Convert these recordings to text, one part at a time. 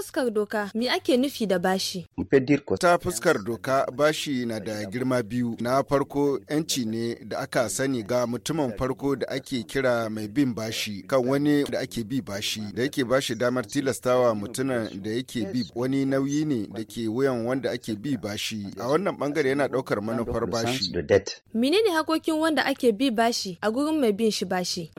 fuskar doka, mi ake nufi da bashi? Ta fuskar doka bashi na da girma biyu. Na farko 'yanci ne da aka sani ga mutumin farko da ake kira mai bin bashi kan wani da ake bi bashi da yake bashi damar tilastawa mutumin da yake bi wani nauyi ne da ke wuyan wanda ake bi bashi. A wannan bangare yana ɗaukar manufar bashi. Menene hakokin wanda ake bi bashi a gurin mai bin shi bashi?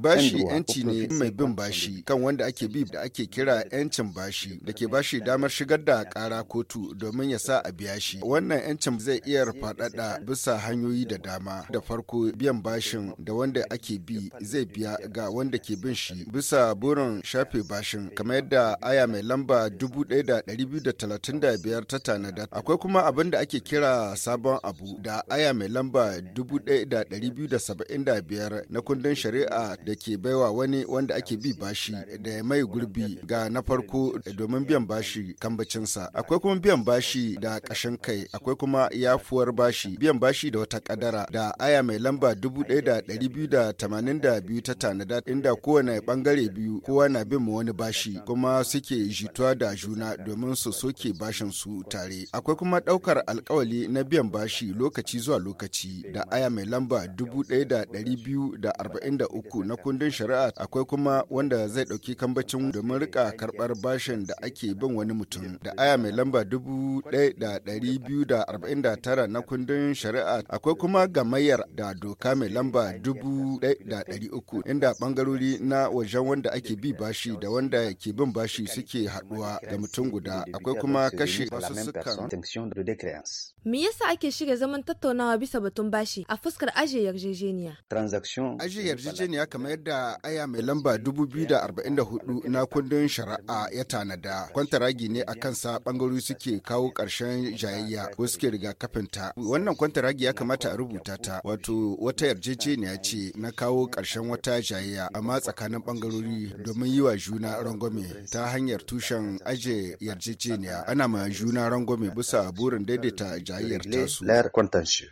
Bashi 'yanci ne mai bin bashi kan wanda ake bi da ake kira 'yancin bashi da ke bashi damar shigar da kara kotu domin ya sa a biya shi wannan yancin zai iya faɗaɗa bisa hanyoyi da dama da farko biyan bashin da wanda ake bi zai biya ga wanda ke bin shi bisa burin shafe bashin kamar yadda aya mai lamba 1235 ta tanada akwai kuma abin da ake kira sabon abu da aya mai lamba 1275 na kundin shari'a da ke baiwa wani wanda ake bi bashi da mai gurbi ga na farko domin biyan bashi kambacinsa akwai kuma biyan bashi da ƙashin kai akwai kuma yafuwar bashi biyan bashi da wata kadara da aya mai lamba 1282 ta tanada inda kowane bangare biyu kowa na bin wani bashi kuma suke jituwa da juna domin su soke bashin su tare akwai kuma ɗaukar alkawali na biyan bashi lokaci zuwa lokaci da aya mai lamba 1243 na kundin shari'a akwai kuma wanda zai ɗauki kambacin domin rika karɓar bashi bashin da ake bin wani mutum da aya mai lamba 1249 na kundin shari'a akwai kuma gamayyar da doka mai lamba 1300 inda bangarori na wajen wanda ake bi bashi da wanda ke bin bashi suke haduwa da mutum guda akwai kuma kashe wasu sukan. Me yasa ake shirya zaman tattaunawa bisa batun bashi a fuskar ajiye yarjejeniya? Ajiye yarjejeniya kamar yadda aya mai lamba 2044 na kundin shari'a ya tanada kwantaragi ne a kansa bangarori suke kawo ƙarshen jayayya ko suke rigakafin ta wannan kwantaragi ya kamata a rubuta ta wato wata yarjejeniya ce na kawo ƙarshen wata jayayya amma tsakanin bangarori domin yi wa juna rangwame ta hanyar tushen aje yarjejeniya ana ma juna rangwame bisa burin daidaita jayayyar tasu.